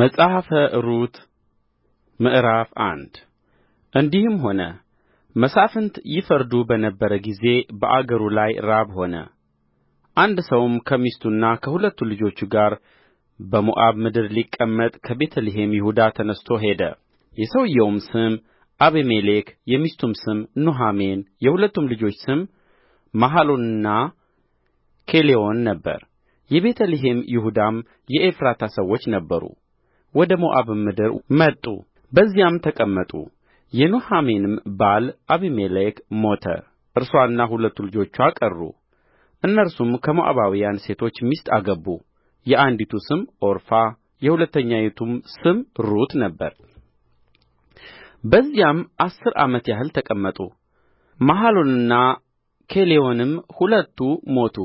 መጽሐፈ ሩት ምዕራፍ አንድ እንዲህም ሆነ መሳፍንት ይፈርዱ በነበረ ጊዜ በአገሩ ላይ ራብ ሆነ። አንድ ሰውም ከሚስቱና ከሁለቱ ልጆቹ ጋር በሞዓብ ምድር ሊቀመጥ ከቤተ ልሔም ይሁዳ ተነሥቶ ሄደ። የሰውየውም ስም አቤሜሌክ፣ የሚስቱም ስም ኑኃሚን፣ የሁለቱም ልጆች ስም መሐሎንና ኬሌዎን ነበር። የቤተ ልሔም ይሁዳም የኤፍራታ ሰዎች ነበሩ። ወደ ሞዓብም ምድር መጡ በዚያም ተቀመጡ የኑኃሚንም ባል አቢሜሌክ ሞተ እርስዋና ሁለቱ ልጆቿ ቀሩ እነርሱም ከሞዓባውያን ሴቶች ሚስት አገቡ የአንዲቱ ስም ዖርፋ የሁለተኛይቱም ስም ሩት ነበረ በዚያም አሥር ዓመት ያህል ተቀመጡ መሐሎንና ኬሌዎንም ሁለቱ ሞቱ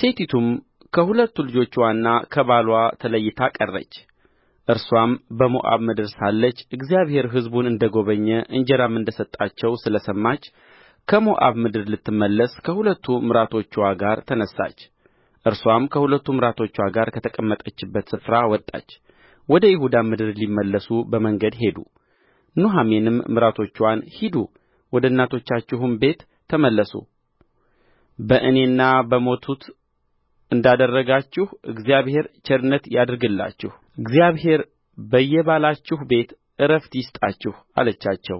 ሴቲቱም ከሁለቱ ልጆቿና ከባልዋ ተለይታ ቀረች እርስዋም በሞዓብ ምድር ሳለች እግዚአብሔር ሕዝቡን እንደ ጐበኘ እንጀራም እንደ ሰጣቸው ስለ ሰማች ከሞዓብ ምድር ልትመለስ ከሁለቱ ምራቶችዋ ጋር ተነሣች። እርስዋም ከሁለቱ ምራቶችዋ ጋር ከተቀመጠችበት ስፍራ ወጣች፣ ወደ ይሁዳም ምድር ሊመለሱ በመንገድ ሄዱ። ኑኃሚንም ምራቶችዋን ሂዱ፣ ወደ እናቶቻችሁም ቤት ተመለሱ፣ በእኔና በሞቱት እንዳደረጋችሁ እግዚአብሔር ቸርነት ያድርግላችሁ እግዚአብሔር በየባላችሁ ቤት ዕረፍት ይስጣችሁ አለቻቸው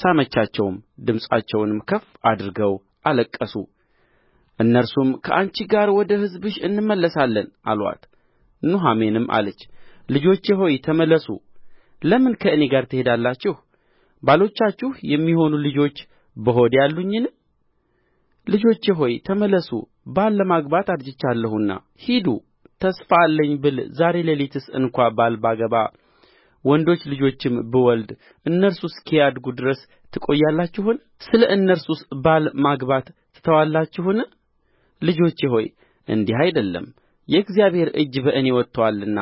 ሳመቻቸውም ድምፃቸውንም ከፍ አድርገው አለቀሱ እነርሱም ከአንቺ ጋር ወደ ሕዝብሽ እንመለሳለን አሉአት ኑኃሚንም አለች ልጆቼ ሆይ ተመለሱ ለምን ከእኔ ጋር ትሄዳላችሁ ባሎቻችሁ የሚሆኑ ልጆች በሆዴ አሉኝን ልጆቼ ሆይ ተመለሱ ባል ለማግባት አርጅቻለሁና ሂዱ ተስፋ አለኝ ብል ዛሬ ሌሊትስ እንኳ ባል ባገባ ወንዶች ልጆችም ብወልድ እነርሱ እስኪያድጉ ድረስ ትቆያላችሁን ስለ እነርሱስ ባል ማግባት ትተዋላችሁን ልጆቼ ሆይ እንዲህ አይደለም የእግዚአብሔር እጅ በእኔ ወጥቶአልና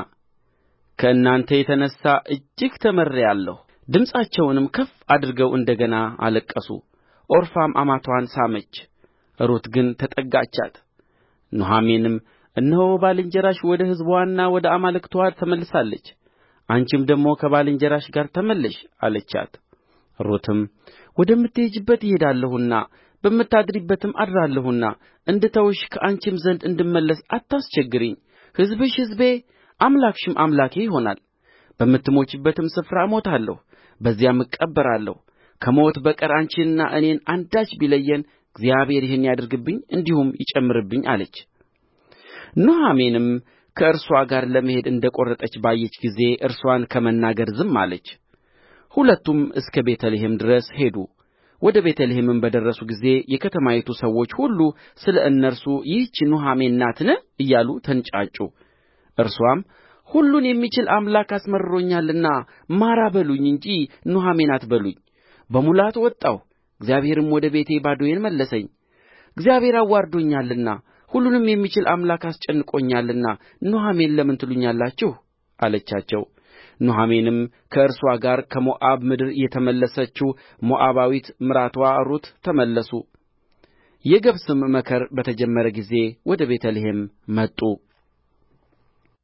ከእናንተ የተነሣ እጅግ ተመርሬአለሁ ድምፃቸውንም ከፍ አድርገው እንደ ገና አለቀሱ ኦርፋም አማትዋን ሳመች ሩት ግን ተጠጋቻት ኑኃሚንም እነሆ ባልንጀራሽ ወደ ሕዝብዋና ወደ አማልክትዋ ተመልሳለች አንቺም ደግሞ ከባልንጀራሽ ጋር ተመለሽ አለቻት ሩትም ወደምትሄጂበት እሄዳለሁና በምታድሪበትም አድራለሁና እንድተውሽ ከአንቺም ዘንድ እንድመለስ አታስቸግሪኝ ሕዝብሽ ሕዝቤ አምላክሽም አምላኬ ይሆናል በምትሞችበትም ስፍራ እሞታለሁ በዚያም እቀበራለሁ ከሞት በቀር አንቺንና እኔን አንዳች ቢለየን እግዚአብሔር ይህን ያድርግብኝ እንዲሁም ይጨምርብኝ አለች ኑኃሚንም ከእርስዋ ጋር ለመሄድ እንደ ቈረጠች ባየች ጊዜ እርስዋን ከመናገር ዝም አለች ሁለቱም እስከ ቤተ ልሔም ድረስ ሄዱ ወደ ቤተ ልሔምም በደረሱ ጊዜ የከተማይቱ ሰዎች ሁሉ ስለ እነርሱ ይህች ኑኃሚን ናትን እያሉ ተንጫጩ እርስዋም ሁሉን የሚችል አምላክ አስመርሮኛልና ማራ በሉኝ እንጂ ኑኃሚን አትበሉኝ በሙላት ወጣሁ እግዚአብሔርም ወደ ቤቴ ባዶዬን መለሰኝ እግዚአብሔር አዋርዶኛልና ሁሉንም የሚችል አምላክ አስጨንቆኛልና ኑኃሚን ለምን ትሉኛላችሁ አለቻቸው ኑኃሚንም ከእርስዋ ጋር ከሞዓብ ምድር የተመለሰችው ሞዓባዊት ምራትዋ ሩት ተመለሱ የገብስም መከር በተጀመረ ጊዜ ወደ ቤተ ልሔም መጡ